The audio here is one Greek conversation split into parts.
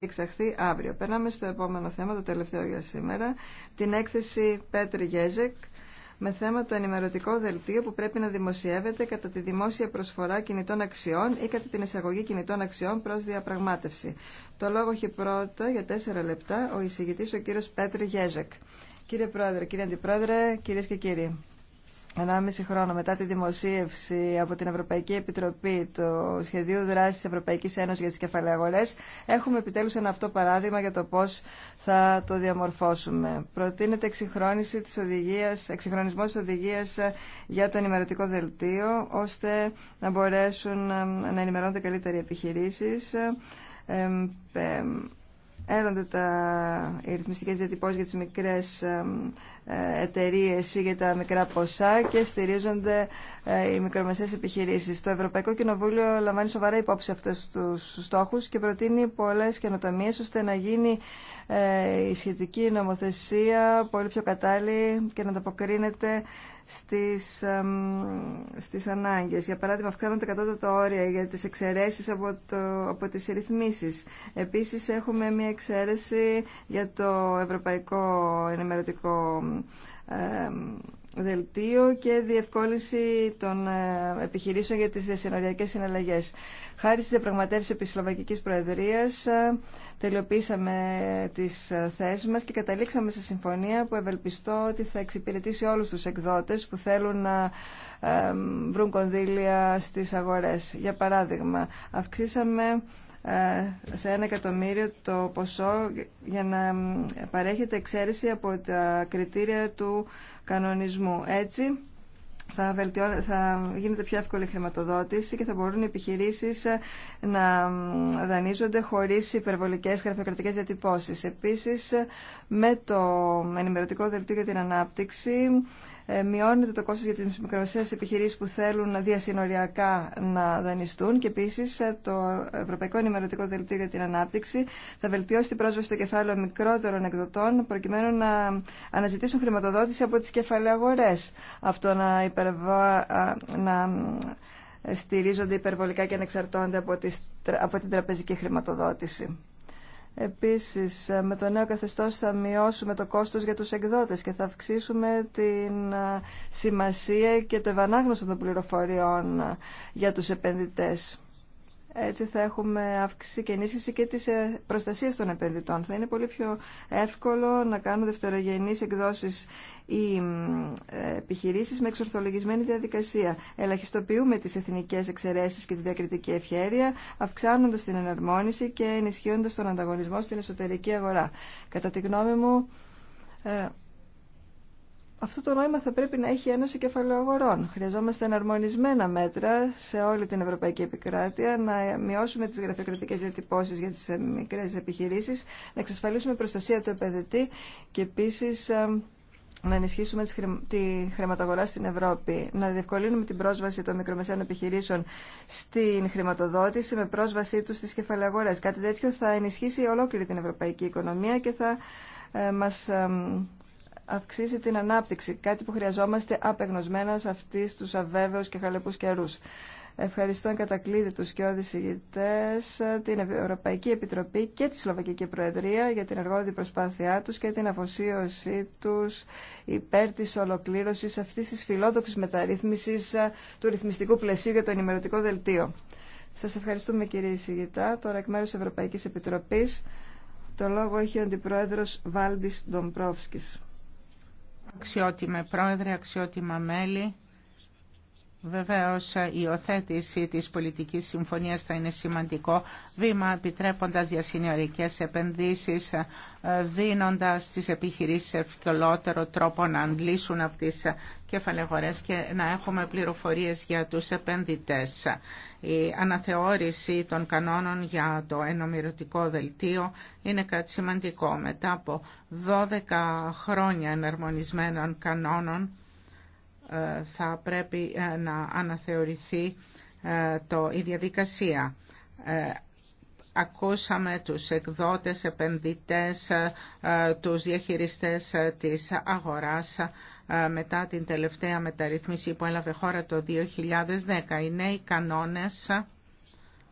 εξαχθεί αύριο. Περνάμε στο επόμενο θέμα, το τελευταίο για σήμερα, την έκθεση Πέτρη Γέζεκ με θέμα το ενημερωτικό δελτίο που πρέπει να δημοσιεύεται κατά τη δημόσια προσφορά κινητών αξιών ή κατά την εισαγωγή κινητών αξιών προς διαπραγμάτευση. Το λόγο έχει πρώτα για τέσσερα λεπτά ο εισηγητής ο κύριος Πέτρη Γέζεκ. Κύριε Πρόεδρε, κύριε Αντιπρόεδρε, κυρίες και κύριοι. 1,5 χρόνο μετά τη δημοσίευση από την Ευρωπαϊκή Επιτροπή του Σχεδίου Δράσης της Ευρωπαϊκής Ένωσης για τις Κεφαλαιαγορές, έχουμε επιτέλους ένα αυτό παράδειγμα για το πώς θα το διαμορφώσουμε. Προτείνεται εξυγχρόνιση της οδηγίας, εξυγχρονισμός της οδηγίας για το ενημερωτικό δελτίο, ώστε να μπορέσουν να ενημερώνονται καλύτεροι επιχειρήσεις, Ένονται τα, οι ρυθμιστικές για τι μικρές ε, εταιρείε ή για τα μικρά ποσά και στηρίζονται ε, οι μικρομεσαίες επιχειρήσεις. Το Ευρωπαϊκό Κοινοβούλιο λαμβάνει σοβαρά υπόψη αυτού του στόχου και προτείνει πολλές καινοτομίε, ώστε να γίνει ε, η σχετική νομοθεσία πολύ πιο κατάλληλη και να ανταποκρίνεται στις, στις ανάγκες. Για παράδειγμα, αυξάνονται κατώτατα όρια για τις εξαιρέσεις από, το, από τις ρυθμίσεις. Επίσης, έχουμε μια εξαίρεση για το Ευρωπαϊκό Ενημερωτικό δελτίο και διευκόλυνση των ε, επιχειρήσεων για τις διασυνοριακές συναλλαγές. Χάρη στις διαπραγματεύσεις επί Σλοβακικής Προεδρίας ε, τελειοποίησαμε τις ε, θέσεις μας και καταλήξαμε σε συμφωνία που ευελπιστώ ότι θα εξυπηρετήσει όλους τους εκδότες που θέλουν να βρουν κονδύλια στις αγορές. Για παράδειγμα, αυξήσαμε ε, σε ένα εκατομμύριο το ποσό για να παρέχεται εξαίρεση από τα κριτήρια του κανονισμού. Έτσι θα, θα γίνεται πιο εύκολη χρηματοδότηση και θα μπορούν οι επιχειρήσεις ε, να δανείζονται χωρίς υπερβολικές γραφειοκρατικές διατυπώσεις. Επίσης, ε, με το ενημερωτικό δελτίο για την ανάπτυξη ε, μειώνεται το κόστος για τις μικρομεσαίες επιχειρήσεις που θέλουν διασυνοριακά να δανειστούν και επίσης ε, το Ευρωπαϊκό Ενημερωτικό Δελτίο για την Ανάπτυξη θα βελτιώσει την πρόσβαση στο κεφάλαιο μικρότερων εκδοτών προκειμένου να αναζητήσουν χρηματοδότηση από τις κεφαλαίες αγορές. Αυτό να, υπερβα... να στηρίζονται υπερβολικά και να από, τις... από την τραπεζική χρηματοδότηση. Επίσης, με το νέο καθεστώς θα μειώσουμε το κόστος για τους εκδότες και θα αυξήσουμε την ε, σημασία και το ευανάγνωστο των πληροφοριών ε, για τους επενδυτές. Έτσι θα έχουμε αύξηση και ενίσχυση και της ε, προστασία των επενδυτών. Θα είναι πολύ πιο εύκολο να κάνουν δευτερογενεί εκδόσει οι ε, επιχειρήσει με εξορθολογισμένη διαδικασία. Ελαχιστοποιούμε τι εθνικέ εξαιρέσει και τη διακριτική ευχέρεια, αυξάνοντα την εναρμόνιση και ενισχύοντα τον ανταγωνισμό στην εσωτερική αγορά. Κατά τη γνώμη μου, ε, αυτό το νόημα θα πρέπει να έχει Ένωση Κεφαλαιογορών. Χρειαζόμαστε εναρμονισμένα μέτρα σε όλη την Ευρωπαϊκή Επικράτεια, να μειώσουμε τι γραφειοκρατικέ διατυπώσει για τι ε, μικρέ επιχειρήσει, να εξασφαλίσουμε προστασία του επενδυτή και επίση ε, να ενισχύσουμε τη χρηματογορά στην Ευρώπη, να διευκολύνουμε την πρόσβαση των μικρομεσαίων επιχειρήσεων στην χρηματοδότηση με πρόσβασή του στι κεφαλαιογορέ. Κάτι τέτοιο θα ενισχύσει ολόκληρη την ευρωπαϊκή οικονομία και θα ε, μα αυξήσει την ανάπτυξη, κάτι που χρειαζόμαστε απεγνωσμένα σε αυτού του αβέβαιου και χαλεπούς καιρού. Ευχαριστώ κατακλείδη του και ηγητές, την Ευρωπαϊκή Επιτροπή και τη Σλοβακική Προεδρία για την εργόδη προσπάθειά του και την αφοσίωσή του υπέρ της ολοκλήρωσης αυτής της φιλόδοξη μεταρρύθμισης ε, του ρυθμιστικού πλαισίου για το ενημερωτικό δελτίο. Σα ευχαριστούμε κύριε Σιγητά. Τώρα εκ μέρου Ευρωπαϊκής το λόγο έχει ο αντιπρόεδρο Βάλντι Ντομπρόφσκης. Αξιότιμε πρόεδρε, αξιότιμα μέλη. Βεβαίως η οθέτηση της πολιτικής συμφωνίας θα είναι σημαντικό βήμα επιτρέποντας διασυνορικές επενδύσεις, ε, δίνοντας τις επιχειρήσεις ευκολότερο τρόπο να αντλήσουν από τις κεφαλαιγορές και να έχουμε πληροφορίες για τους επενδυτές. Η αναθεώρηση των κανόνων για το ενομηρωτικό δελτίο είναι κάτι σημαντικό. Μετά από 12 χρόνια εναρμονισμένων κανόνων, θα πρέπει ε, να αναθεωρηθεί ε, το, η διαδικασία. Ε, ακούσαμε τους εκδότες, επενδυτές, τους διαχειριστές της αγοράς μετά την τελευταία μεταρρύθμιση που έλαβε χώρα το 2010. Οι νέοι κανόνες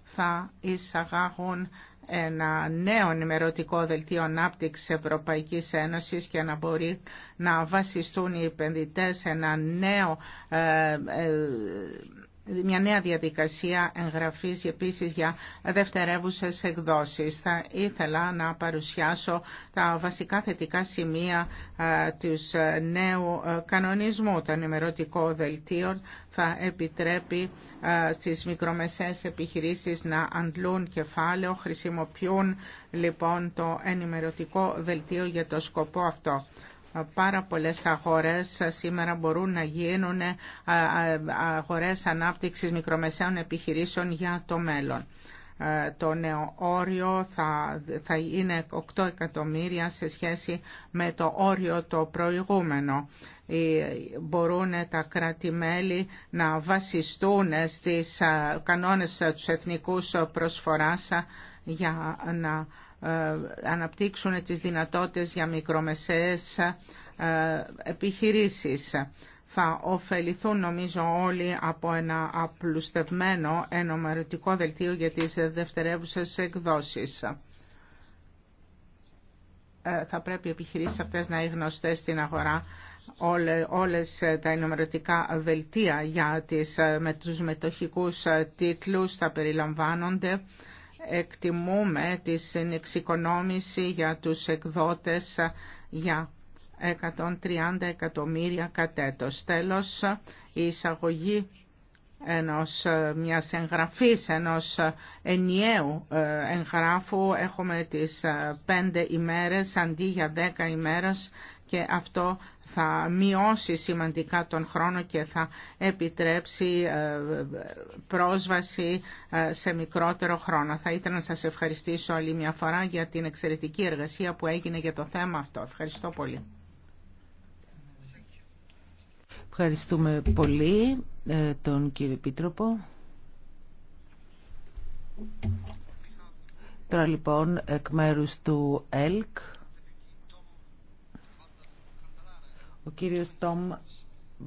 θα εισαγάγουν ένα νέο ενημερωτικό δελτίο ανάπτυξη Ευρωπαϊκής Ένωσης και να μπορεί να βασιστούν οι επενδυτές σε ένα νέο ε, ε, μια νέα διαδικασία εγγραφής επίσης για δευτερεύουσες εκδόσεις. Θα ήθελα να παρουσιάσω τα βασικά θετικά σημεία ε, του ε, νέου ε, κανονισμού. Το ενημερωτικό δελτίο θα επιτρέπει στις μικρομεσαίες επιχειρήσεις να αντλούν κεφάλαιο, χρησιμοποιούν λοιπόν το ενημερωτικό δελτίο για το σκοπό αυτό. Πάρα πολλές αγορές σήμερα μπορούν να γίνουν ε, ε, αγορές ανάπτυξης μικρομεσαίων επιχειρήσεων για το μέλλον. Ε, το νέο όριο θα, θα είναι 8 εκατομμύρια σε σχέση με το όριο το προηγούμενο. Μπορούν τα κράτη-μέλη να βασιστούν στις κανόνες τους εθνικούς προσφοράς για να ε, αναπτύξουν τις δυνατότητες για μικρομεσαίες ε, επιχειρήσεις. Θα ωφεληθούν νομίζω όλοι από ένα απλουστευμένο ενομερωτικό δελτίο για τις δευτερεύουσες εκδόσεις. Ε, θα πρέπει οι επιχειρήσεις αυτές να είναι γνωστές στην αγορά όλες τα ενομερωτικά δελτία για τις, με τους μετοχικούς τίτλους θα περιλαμβάνονται εκτιμούμε την εξοικονόμηση για τους εκδότες για 130 εκατομμύρια κατέτος. Τέλος, η εισαγωγή ενός, μιας εγγραφής, ενός ενιαίου ε, εγγράφου. Έχουμε τις ε, πέντε ημέρες αντί για δέκα ημέρες και αυτό θα μειώσει σημαντικά τον χρόνο και θα επιτρέψει ε, πρόσβαση ε, σε μικρότερο χρόνο. Θα ήθελα να σας ευχαριστήσω άλλη μια φορά για την εξαιρετική εργασία που έγινε για το θέμα αυτό. Ευχαριστώ πολύ. Ευχαριστούμε πολύ ε, τον κύριο πίτροπο. Τώρα λοιπόν εκ μέρους του ΕΛΚ ο κύριος Τόμ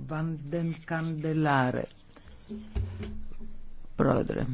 Βαντεν Καντελάρε. Πρόεδρε,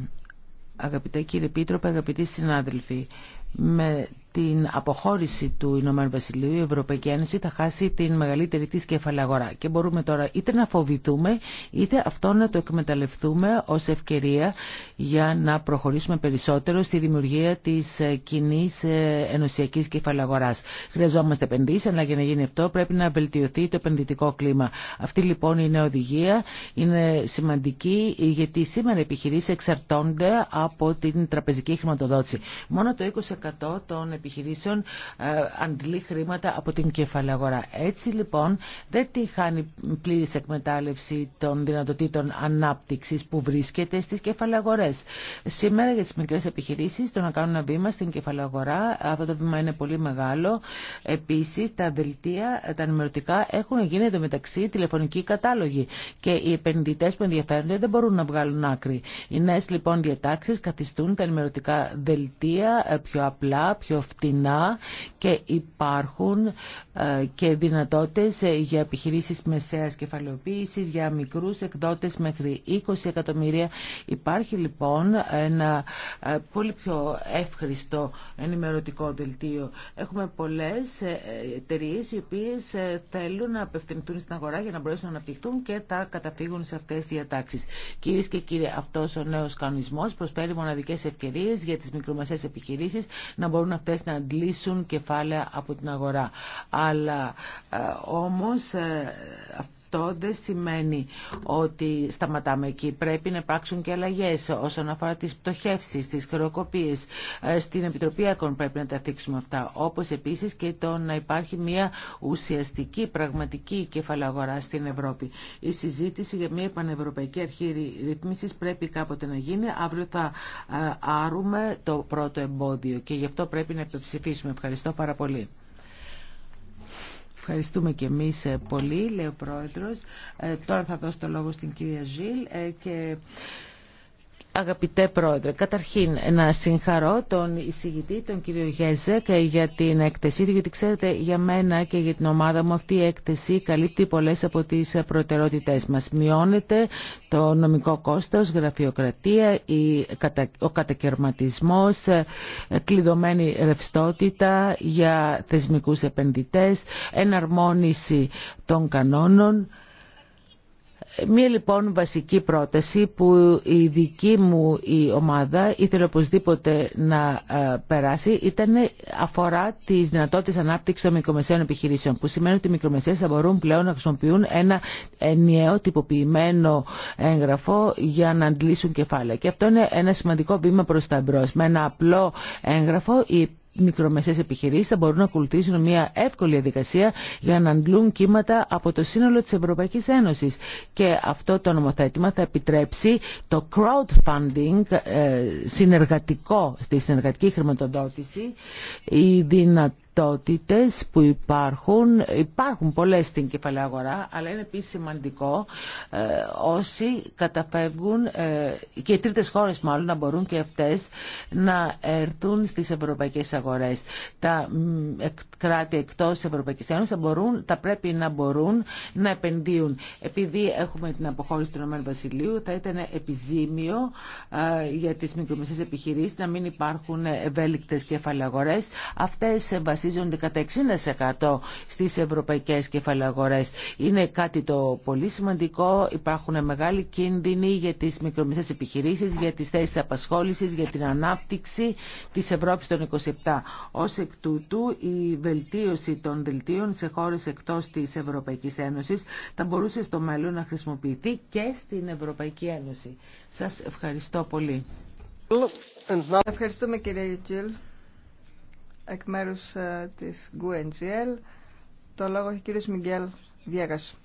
αγαπητέ κύριε Πίτροπε, αγαπητοί συνάδελφοι, με την αποχώρηση του Ηνωμένου Βασιλείου η Ευρωπαϊκή Ένωση θα χάσει την μεγαλύτερη της αγορά. και μπορούμε τώρα είτε να φοβηθούμε είτε αυτό να το εκμεταλλευτούμε ως ευκαιρία για να προχωρήσουμε περισσότερο στη δημιουργία της ε, κοινή ε, ενωσιακής κεφαλαγοράς. Χρειαζόμαστε επενδύσει αλλά για να γίνει αυτό πρέπει να βελτιωθεί το επενδυτικό κλίμα. Αυτή λοιπόν η οδηγία είναι σημαντική γιατί σήμερα επιχειρήσει εξαρτώνται από την τραπεζική χρηματοδότηση. Μόνο το 20% των επιχειρήσεων ε, αντλεί χρήματα από την κεφαλαγορά. Έτσι λοιπόν δεν τη χάνει πλήρης εκμετάλλευση των δυνατοτήτων ανάπτυξης που βρίσκεται στις κεφαλαγορές. Σήμερα για τις μικρές επιχειρήσεις το να κάνουν ένα βήμα στην κεφαλαγορά, αυτό το βήμα είναι πολύ μεγάλο. Επίσης τα δελτία, τα ενημερωτικά έχουν γίνει μεταξύ τηλεφωνική κατάλογη και οι επενδυτέ που ενδιαφέρονται δεν μπορούν να βγάλουν άκρη. Οι νέες λοιπόν διατάξεις καθιστούν τα ενημερωτικά δελτία ε, πιο απλά, πιο φτηνά και υπάρχουν ε, και δυνατότητες ε, για επιχειρήσεις μεσαίας κεφαλαιοποίησης, για μικρούς εκδότες μέχρι 20 εκατομμύρια. Υπάρχει λοιπόν ένα ε, πολύ πιο εύχριστο ενημερωτικό δελτίο. Έχουμε πολλές εταιρείε οι οποίες θέλουν να απευθυνθούν στην αγορά για να μπορέσουν να αναπτυχθούν και θα καταφύγουν σε αυτές τις διατάξεις. Κυρίε και κύριοι, αυτός ο νέος κανονισμός προσφέρει μοναδικές ευκαιρίες για τις μικρομεσαίες επιχειρήσεις να μπορούν αυτές να αντλήσουν κεφάλαια από την αγορά. Αλλά ε, όμως ε, αυτό δεν σημαίνει ότι σταματάμε εκεί. Πρέπει να υπάρξουν και αλλαγέ όσον αφορά τι πτωχεύσει, τι χρεοκοπίε. Ε, στην Επιτροπή ΕΚΟΝ πρέπει να τα θίξουμε αυτά. Όπω επίση και το να υπάρχει μια ουσιαστική, πραγματική κεφαλαγορά στην Ευρώπη. Η συζήτηση για μια πανευρωπαϊκή αρχή ρυθμίση πρέπει κάποτε να γίνει. Αύριο θα ε, άρουμε το πρώτο εμπόδιο και γι' αυτό πρέπει να υπεψηφίσουμε. Ευχαριστώ πάρα πολύ. Ευχαριστούμε και εμείς ε, πολύ, λέει ο Πρόεδρος. Ε, τώρα θα δώσω το λόγο στην κυρία Ζήλ ε, και Αγαπητέ Πρόεδρε, καταρχήν να συγχαρώ τον εισηγητή, τον κύριο Γέζεκ, για την έκθεσή του, γιατί ξέρετε για μένα και για την ομάδα μου αυτή η έκθεση καλύπτει πολλές από τις προτεραιότητές μας. Μειώνεται το νομικό κόστος, γραφειοκρατία, ο κατακαιρματισμός, κλειδωμένη ρευστότητα για θεσμικούς επενδυτές, εναρμόνιση των κανόνων Μία λοιπόν βασική πρόταση που η δική μου η ομάδα ήθελε οπωσδήποτε να ε, περάσει ήταν αφορά τις δυνατότητες ανάπτυξης των μικρομεσαίων επιχειρήσεων που σημαίνει ότι οι μικρομεσαίες θα μπορούν πλέον να χρησιμοποιούν ένα ενιαίο τυποποιημένο έγγραφο για να αντλήσουν κεφάλαια. Και αυτό είναι ένα σημαντικό βήμα προς τα μπρος. Με ένα απλό έγγραφο μικρομεσαίες επιχειρήσεις θα μπορούν να ακολουθήσουν μια εύκολη διαδικασία για να αντλούν κύματα από το σύνολο της Ευρωπαϊκής Ένωσης. Και αυτό το νομοθέτημα θα επιτρέψει το crowdfunding ε, συνεργατικό, στη συνεργατική χρηματοδότηση, η δυνατότητα δυνατότητες που υπάρχουν, υπάρχουν πολλές στην κεφαλαία αγορά, αλλά είναι επίσης σημαντικό ε, όσοι καταφεύγουν ε, και οι τρίτες χώρες μάλλον να μπορούν και αυτές να έρθουν στις ευρωπαϊκές αγορές. Τα κράτη εκτός Ευρωπαϊκής Ένωσης θα, μπορούν, θα πρέπει να μπορούν να επενδύουν. Επειδή έχουμε την αποχώρηση του Ρωμαίου Βασιλείου, θα ήταν επιζήμιο ε, για τις μικρομεσαίες επιχειρήσεις να μην υπάρχουν ευέλικτες αγορές. Αυτές βασίζονται κατά 60% στις ευρωπαϊκές κεφαλαγορές. Είναι κάτι το πολύ σημαντικό. Υπάρχουν μεγάλοι κίνδυνοι για τις μικρομεσαίες επιχειρήσεις, για τις θέσεις απασχόλησης, για την ανάπτυξη της Ευρώπης των 27. Ως εκ τούτου, η βελτίωση των δελτίων σε χώρες εκτός της Ευρωπαϊκής Ένωσης θα μπορούσε στο μέλλον να χρησιμοποιηθεί και στην Ευρωπαϊκή Ένωση. Σας ευχαριστώ πολύ. Ευχαριστούμε κύριε Γιουτζίλ εκ μέρους ε, της GUNGL. Το λόγο έχει ο κύριος Μιγγέλ Βιέγας.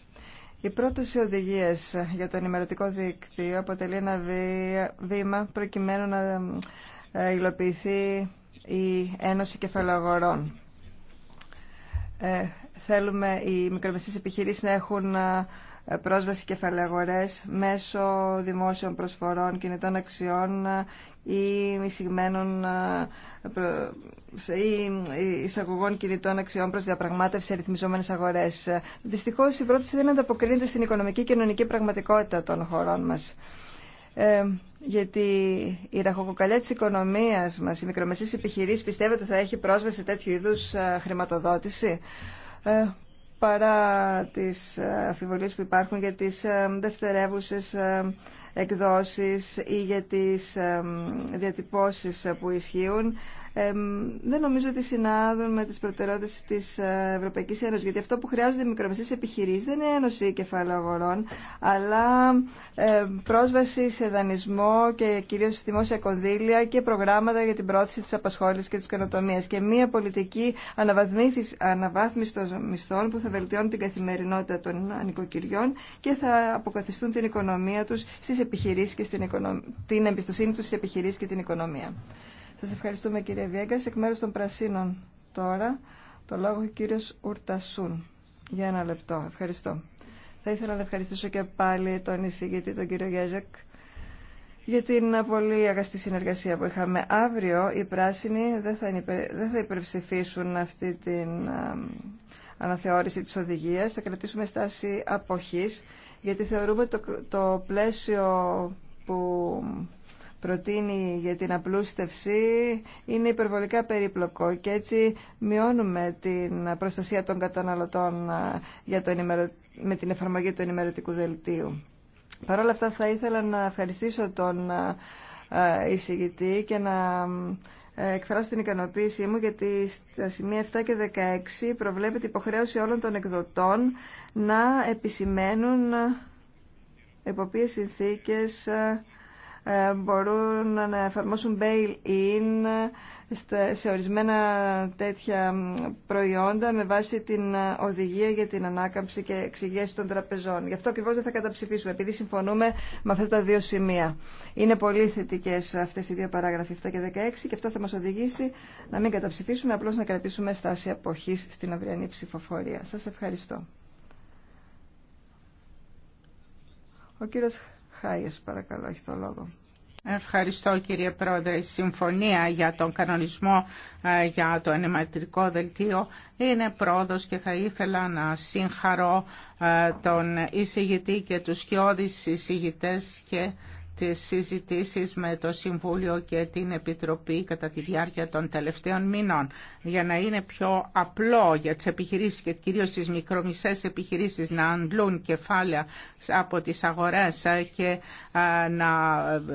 Η πρόταση οδηγίε για το ενημερωτικό δίκτυο αποτελεί ένα βήμα προκειμένου να ε, υλοποιηθεί η Ένωση Κεφαλαγορών. Ε, θέλουμε οι μικρομεσαίες επιχειρήσεις να έχουν ε, πρόσβαση κεφαλαγορές μέσω δημόσιων προσφορών κινητών αξιών ή εισηγμένων ε, ή εισαγωγών κινητών αξιών προς διαπραγμάτευση σε ρυθμιζόμενες αγορές. Δυστυχώς η πρόταση δεν ανταποκρίνεται στην οικονομική και κοινωνική πραγματικότητα των χωρών μας. Ε, γιατί η ραχοκοκαλιά της οικονομίας μας, οι μικρομεσαίες επιχειρήσει, πιστεύετε θα έχει πρόσβαση σε τέτοιου είδους χρηματοδότηση παρά τις ε, αφιβολίες που υπάρχουν για τις ε, δευτερεύουσες ε, εκδόσεις ή για τις διατυπώσεις που ισχύουν δεν νομίζω ότι συνάδουν με τις προτεραιότητε τη ε, Ευρωπαϊκή Ένωση, γιατί αυτό που χρειάζονται οι μικρομεσαίες επιχειρήσεις δεν είναι ένωση κεφάλαιο αγορών, αλλά πρόσβαση σε δανεισμό και κυρίως δημόσια κονδύλια και προγράμματα για την πρόθεση τη απασχόλησης και τη καινοτομία. και μια πολιτική αναβάθμιση των μισθών που θα βελτιώνει την καθημερινότητα των νοικοκυριών και θα αποκαθιστούν την οικονομία τους στι επιχειρήσει και στην την εμπιστοσύνη του στι επιχειρήσει και την οικονομία. Σας ευχαριστούμε κύριε Βιέγκας. Εκ μέρους των Πρασίνων τώρα το λόγο ο κύριος Ουρτασούν. Για ένα λεπτό. Ευχαριστώ. Θα ήθελα να ευχαριστήσω και πάλι τον εισηγητή, τον κύριο Γιάζεκ, για την πολύ αγαστή συνεργασία που είχαμε. Αύριο οι πράσινοι δεν θα, υπερψηφίσουν αυτή την αναθεώρηση της οδηγίας. Θα κρατήσουμε στάση αποχής, γιατί θεωρούμε το, το πλαίσιο που προτείνει για την απλούστευση είναι υπερβολικά περίπλοκο και έτσι μειώνουμε την προστασία των καταναλωτών ε, για το με την εφαρμογή του ενημερωτικού δελτίου. Παρ' όλα αυτά θα ήθελα να ευχαριστήσω τον ε, ε, εισηγητή και να εκφράσω την ικανοποίησή μου γιατί στα σημεία 7 και 16 προβλέπεται υποχρέωση όλων των εκδοτών να επισημαίνουν υπό συνθήκες ε, μπορούν να εφαρμόσουν bail-in σε ορισμένα τέτοια προϊόντα με βάση την ε, οδηγία για την ανάκαμψη και εξηγέση των τραπεζών. Γι' αυτό ακριβώ δεν θα καταψηφίσουμε, επειδή συμφωνούμε με αυτά τα δύο σημεία. Είναι πολύ θετικέ αυτέ οι δύο παράγραφοι 7 και 16 και αυτό θα μα οδηγήσει να μην καταψηφίσουμε, απλώ να κρατήσουμε στάση αποχή στην αυριανή ψηφοφορία. Σα ευχαριστώ. Ο κύριος Ευχαριστώ κύριε Πρόεδρε. Η συμφωνία για τον κανονισμό ε, για το ενηματρικό δελτίο είναι πρόοδος και θα ήθελα να συγχαρώ ε, τον εισηγητή και τους σκιώδεις εισηγητές και τις συζητήσεις με το Συμβούλιο και την Επιτροπή κατά τη διάρκεια των τελευταίων μήνων για να είναι πιο απλό για τις επιχειρήσεις και κυρίως τις μικρομισές επιχειρήσεις να αντλούν κεφάλαια από τις αγορές και να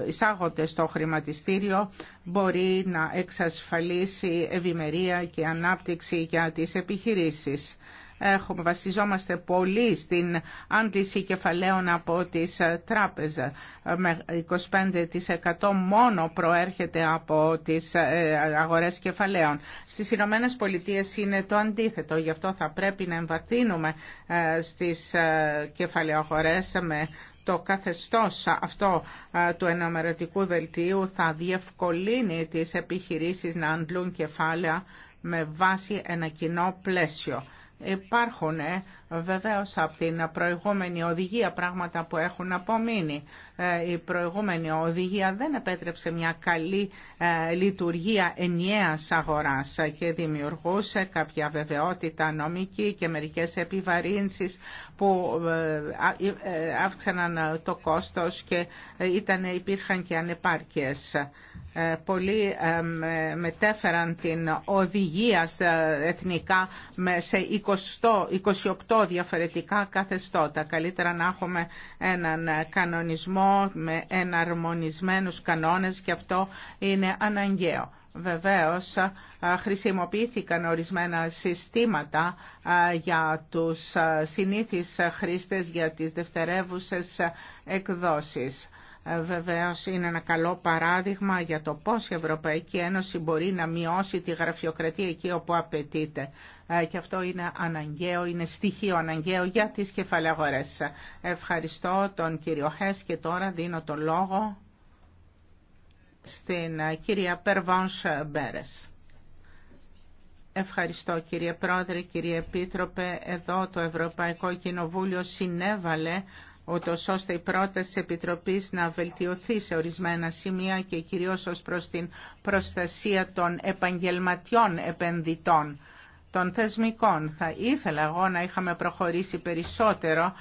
εισάγονται στο χρηματιστήριο μπορεί να εξασφαλίσει ευημερία και ανάπτυξη για τις επιχειρήσεις έχουμε, βασιζόμαστε πολύ στην άντληση κεφαλαίων από τις ε, τράπεζες. 25% μόνο προέρχεται από τις ε, αγορές κεφαλαίων. Στις Ηνωμένε Πολιτείε είναι το αντίθετο, γι' αυτό θα πρέπει να εμβαθύνουμε ε, στις κεφαλαιοχωρές με το καθεστώς αυτό του ενομερωτικού δελτίου θα διευκολύνει τις επιχειρήσεις να αντλούν κεφάλαια με βάση ένα κοινό πλαίσιο υπάρχουν Βεβαίως από την προηγούμενη οδηγία πράγματα που έχουν απομείνει. Ε, η προηγούμενη οδηγία δεν επέτρεψε μια καλή ε, λειτουργία ενιαίας αγοράς και δημιουργούσε κάποια βεβαιότητα νομική και μερικές επιβαρύνσεις που ε, αύξαναν το κόστος και ήταν, υπήρχαν και ανεπάρκειες. Πολλοί μετέφεραν την οδηγία εθνικά σε 28 διαφορετικά καθεστώτα. Καλύτερα να έχουμε έναν κανονισμό με εναρμονισμένους κανόνες και αυτό είναι αναγκαίο. Βεβαίως χρησιμοποιήθηκαν ορισμένα συστήματα για τους συνήθεις χρήστες για τις δευτερεύουσες εκδόσεις. Ε, βεβαίως είναι ένα καλό παράδειγμα για το πώς η Ευρωπαϊκή Ένωση μπορεί να μειώσει τη γραφειοκρατία εκεί όπου απαιτείται. Ε, και αυτό είναι αναγκαίο, είναι στοιχείο αναγκαίο για τις κεφαλαγορές. Ευχαριστώ τον κύριο Χέ και τώρα δίνω τον λόγο στην ε, κυρία Περβάνς Μπέρες. Ευχαριστώ κύριε Πρόεδρε, κύριε Επίτροπε. Εδώ το Ευρωπαϊκό Κοινοβούλιο συνέβαλε ούτως ώστε η πρόταση της Επιτροπής να βελτιωθεί σε ορισμένα σημεία και κυρίως ως προς την προστασία των επαγγελματιών επενδυτών των θεσμικών. Θα ήθελα εγώ να είχαμε προχωρήσει περισσότερο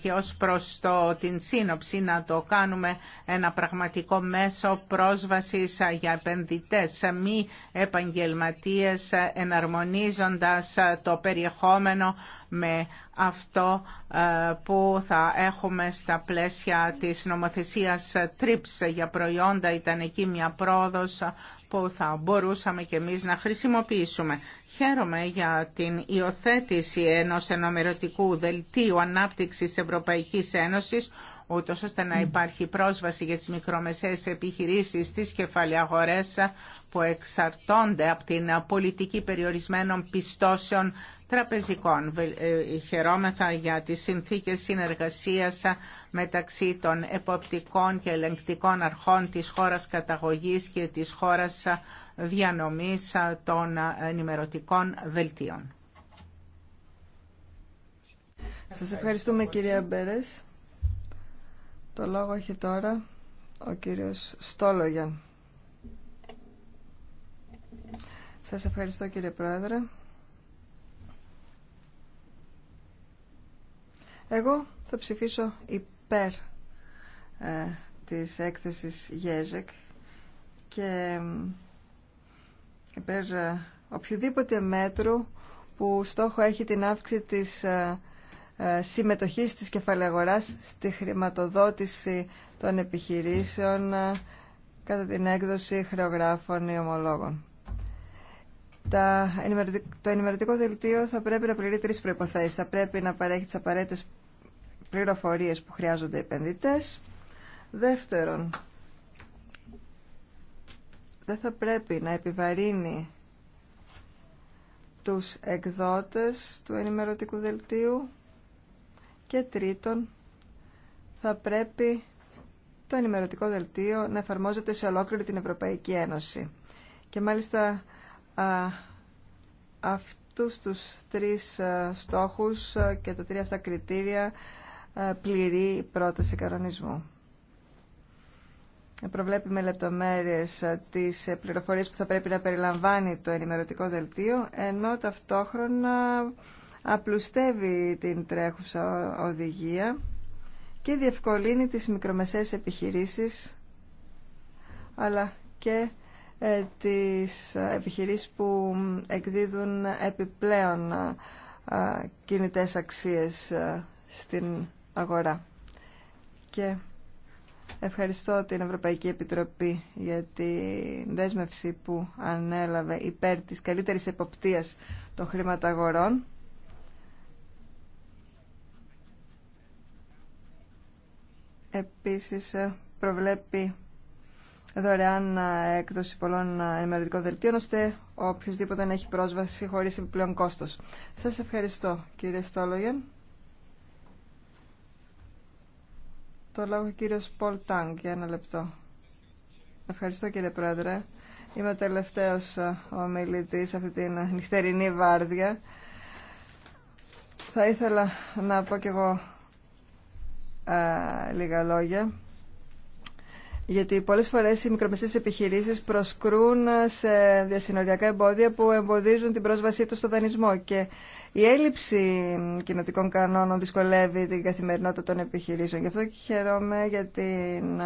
και ως προς το, την σύνοψη να το κάνουμε ένα πραγματικό μέσο πρόσβασης για επενδυτές, μη επαγγελματίες, εναρμονίζοντας το περιεχόμενο με αυτό ε, που θα έχουμε στα πλαίσια της νομοθεσίας TRIPS για προϊόντα. Ήταν εκεί μια πρόοδος που θα μπορούσαμε και εμείς να χρησιμοποιήσουμε. Χαίρομαι για την υιοθέτηση ενός ενομερωτικού δελτίου ανάπτυξης Ευρωπαϊκής Ένωσης, ούτω ώστε να υπάρχει πρόσβαση για τις μικρομεσαίες επιχειρήσεις στις κεφαλαιαγορές που εξαρτώνται από την πολιτική περιορισμένων πιστώσεων τραπεζικών. Ε, χαιρόμεθα για τις συνθήκες συνεργασίας μεταξύ των εποπτικών και ελεγκτικών αρχών της χώρας καταγωγής και της χώρας διανομής των ενημερωτικών δελτίων. Σας ευχαριστούμε κυρία Μπέρες. Το λόγο έχει τώρα ο κύριος Στόλογιαν. Σας ευχαριστώ κύριε Πρόεδρε. Εγώ θα ψηφίσω υπέρ ε, της έκθεσης Γέζεκ και ε, υπέρ ε, οποιοδήποτε μέτρου που στόχο έχει την αύξηση της ε, συμμετοχής της κεφαλαγοράς στη χρηματοδότηση των επιχειρήσεων κατά την έκδοση χρεογράφων ή ομολόγων. Το ενημερωτικό δελτίο θα πρέπει να πληρεί τρεις προϋποθέσεις. Θα πρέπει να παρέχει τις απαραίτητες πληροφορίες που χρειάζονται οι επενδυτές. Δεύτερον, δεν θα πρέπει να επιβαρύνει τους εκδότες του ενημερωτικού δελτίου και τρίτον, θα πρέπει το ενημερωτικό δελτίο να εφαρμόζεται σε ολόκληρη την Ευρωπαϊκή Ένωση. Και μάλιστα α, αυτούς τους τρεις στόχους και τα τρία αυτά κριτήρια ε, πληρή πρόταση κανονισμού. Ε, προβλέπει με λεπτομέρειες ε, τις πληροφορίες που θα πρέπει να περιλαμβάνει το ενημερωτικό δελτίο, ενώ ταυτόχρονα απλουστεύει την τρέχουσα οδηγία και διευκολύνει τις μικρομεσαίες επιχειρήσεις, αλλά και τις επιχειρήσεις που εκδίδουν επιπλέον κινητές αξίες στην αγορά. Και ευχαριστώ την Ευρωπαϊκή Επιτροπή για την δέσμευση που ανέλαβε υπέρ της καλύτερης εποπτείας των χρηματαγορών. Επίσης προβλέπει δωρεάν έκδοση πολλών ενημερωτικών δελτίων, ώστε οποιοδήποτε να έχει πρόσβαση χωρίς επιπλέον κόστος. Σας ευχαριστώ κύριε Στόλογεν. το λόγο ο κύριος Πολ Τάγκ για ένα λεπτό. Ευχαριστώ κύριε Πρόεδρε. Είμαι ο τελευταίος ε, ομιλητής αυτή την νυχτερινή βάρδια. Θα ήθελα να πω κι εγώ ε, λίγα λόγια. Γιατί πολλές φορές οι μικρομεσαίες επιχειρήσεις προσκρούν σε διασυνοριακά εμπόδια που εμποδίζουν την πρόσβασή τους στο δανεισμό και η έλλειψη κοινοτικών κανόνων δυσκολεύει την καθημερινότητα των επιχειρήσεων. Γι' αυτό και χαίρομαι για την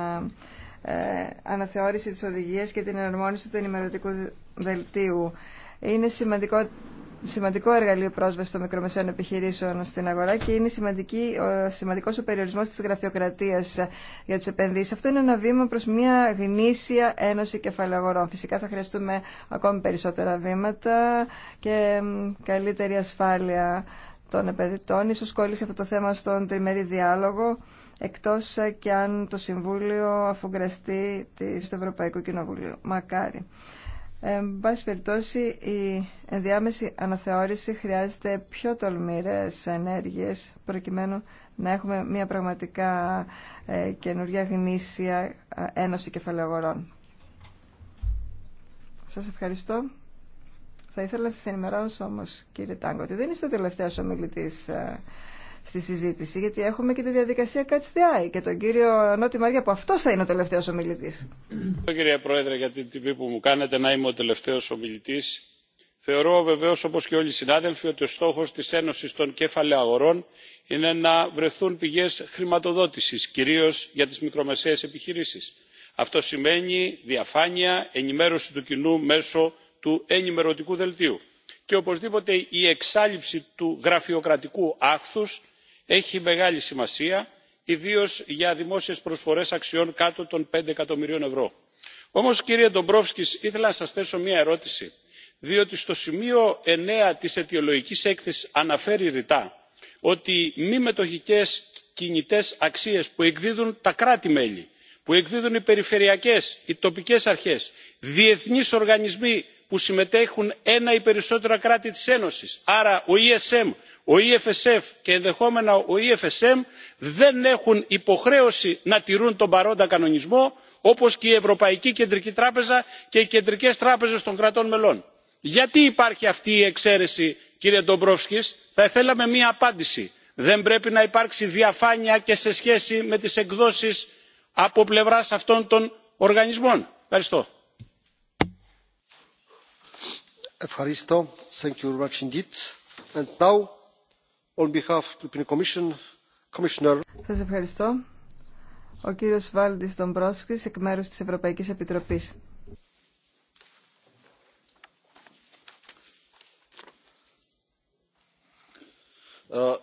ε, αναθεώρηση της οδηγίας και την εναρμόνιση του ενημερωτικού δελτίου. Είναι σημαντικό σημαντικό εργαλείο πρόσβαση των μικρομεσαίων επιχειρήσεων στην αγορά και είναι σημαντική, σημαντικός ο περιορισμός της γραφειοκρατίας για τις επενδύσεις. Αυτό είναι ένα βήμα προς μια γνήσια ένωση κεφαλαγορών. Φυσικά θα χρειαστούμε ακόμη περισσότερα βήματα και καλύτερη ασφάλεια των επενδυτών. Ίσως κόλλησε αυτό το θέμα στον τριμερή διάλογο εκτός και αν το Συμβούλιο αφουγκραστεί στο Ευρωπαϊκό Κοινοβούλιο. Μακάρι. Ε, εν πάση περιπτώσει, η ενδιάμεση αναθεώρηση χρειάζεται πιο τολμηρές ενέργειες προκειμένου να έχουμε μια πραγματικά ε, καινούργια γνήσια ε, ένωση κεφαλαιογορών. Σας ευχαριστώ. Θα ήθελα να σας ενημερώσω όμως, κύριε Τάγκο, ότι δεν είστε ο τελευταίος ομιλητής στη συζήτηση, γιατί έχουμε και τη διαδικασία Catch και τον κύριο Νότι Μαριά που αυτό θα είναι ο τελευταίο ομιλητή. Ευχαριστώ κύριε Πρόεδρε για την τιμή που μου κάνετε να είμαι ο τελευταίο ομιλητή. Θεωρώ βεβαίω, όπω και όλοι οι συνάδελφοι ότι ο στόχο τη Ένωση των Κέφαλαιων Αγορών είναι να βρεθούν πηγέ χρηματοδότηση κυρίω για τι μικρομεσαίες επιχειρήσει. Αυτό σημαίνει διαφάνεια, ενημέρωση του κοινού μέσω του ενημερωτικού δελτίου και οπωσδήποτε η εξάλληψη του γραφειοκρατικού άχθους έχει μεγάλη σημασία ιδίως για δημόσιες προσφορές αξιών κάτω των πέντε εκατομμυρίων ευρώ. όμως κύριε dombrovskis ήθελα να σας θέσω μια ερώτηση διότι στο σημείο εννέα της αιτιολογικής έκθεσης αναφέρει ρητά ότι μη μετοχικές κινητές αξίες που εκδίδουν τα κράτη μέλη που εκδίδουν οι περιφερειακές οι τοπικές αρχές διεθνείς οργανισμοί που συμμετέχουν ένα ή περισσότερα κράτη της ένωσης άρα ο esm ο efsf και ενδεχόμενα ο efsm δεν έχουν υποχρέωση να τηρούν τον παρόντα κανονισμό όπως και η ευρωπαϊκή κεντρική τράπεζα και οι κεντρικές τράπεζες των κρατών μελών. γιατί υπάρχει αυτή η εξαίρεση κύριε dombrovskis; θα θέλαμε μια απάντηση. δεν πρέπει να υπάρξει διαφάνεια και σε σχέση με τις εκδόσεις από πλευράς αυτών των οργανισμών. ευχαριστώ. Σα ευχαριστώ. Ο κύριος Βάλντις Ντομπρόφσκης εκ μέρους της Ευρωπαϊκής Επιτροπής. Uh,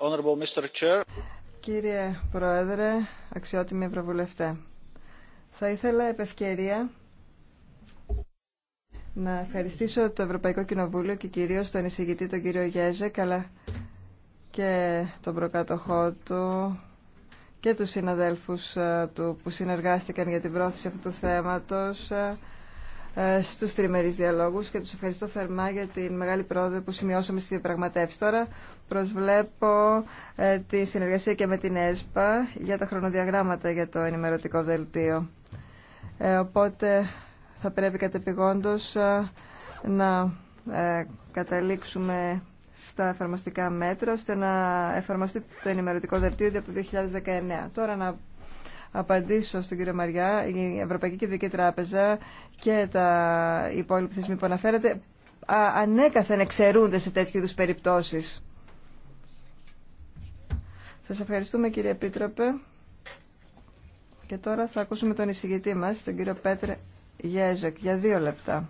uh, Κύριε Πρόεδρε, αξιότιμοι Ευρωβουλευτέ, θα ήθελα επ' ευκαιρία να ευχαριστήσω το Ευρωπαϊκό Κοινοβούλιο και κυρίως τον εισηγητή τον κύριο Γιέζε, καλά και τον προκατοχό του και τους συναδέλφους ε, του που συνεργάστηκαν για την πρόθεση αυτού του θέματος ε, ε, στους τριμερείς διαλόγους και τους ευχαριστώ θερμά για την μεγάλη πρόοδο που σημειώσαμε στις διαπραγματεύσεις. Τώρα προσβλέπω τη συνεργασία και με την ΕΣΠΑ για τα χρονοδιαγράμματα για το ενημερωτικό δελτίο. οπότε θα πρέπει κατεπηγόντως να καταλήξουμε στα εφαρμοστικά μέτρα ώστε να εφαρμοστεί το ενημερωτικό δελτίο από το 2019. Τώρα να απαντήσω στον κύριο Μαριά, η Ευρωπαϊκή Κεντρική Τράπεζα και τα υπόλοιπα θεσμοί που αναφέρατε ανέκαθεν εξαιρούνται σε τέτοιου είδου περιπτώσεις. Σας ευχαριστούμε κύριε Επίτροπε. Και τώρα θα ακούσουμε τον εισηγητή μας, τον κύριο Πέτρε Γέζεκ, για δύο λεπτά.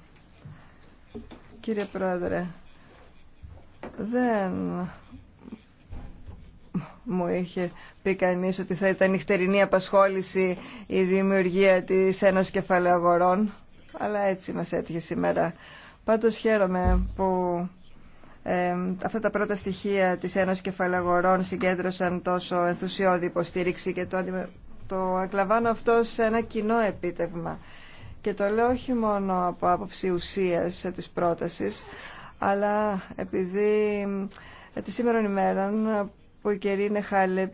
Κύριε Πρόεδρε, δεν μου είχε πει κανείς ότι θα ήταν νυχτερινή απασχόληση η δημιουργία της Ένωσης Κεφαλαίου αλλά έτσι μας έτυχε σήμερα. Πάντως χαίρομαι που αυτά τα πρώτα στοιχεία της Ένωσης Κεφαλαίου συγκέντρωσαν τόσο ενθουσιώδη υποστήριξη και το, το εκλαμβάνω αυτό σε ένα κοινό επίτευγμα. Και το λέω όχι μόνο από άποψη ουσίας της πρότασης, αλλά επειδή ε, τη σήμερα ημέρα που οι καιροί είναι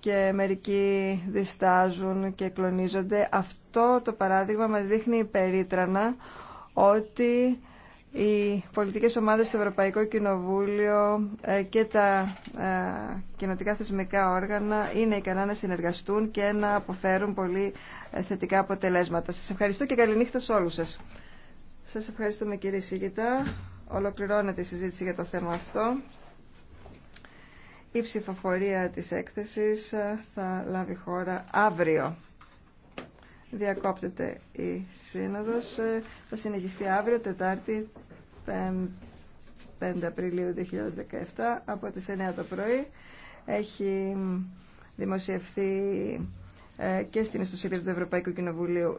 και μερικοί διστάζουν και κλονίζονται, αυτό το παράδειγμα μας δείχνει περίτρανα ότι οι πολιτικές ομάδες στο Ευρωπαϊκό Κοινοβούλιο ε, και τα ε, κοινοτικά θεσμικά όργανα είναι ικανά να συνεργαστούν και να αποφέρουν πολύ θετικά αποτελέσματα. Σας ευχαριστώ και καληνύχτα σε όλους σας. Σας ευχαριστούμε κύριε Σίγητα. Ολοκληρώνεται η συζήτηση για το θέμα αυτό. Η ψηφοφορία της έκθεσης θα λάβει χώρα αύριο. Διακόπτεται η σύνοδος. Θα συνεχιστεί αύριο, Τετάρτη, 5 Απριλίου 2017, από τις 9 το πρωί. Έχει δημοσιευθεί ε, και στην ιστοσελίδα του Ευρωπαϊκού Κοινοβουλίου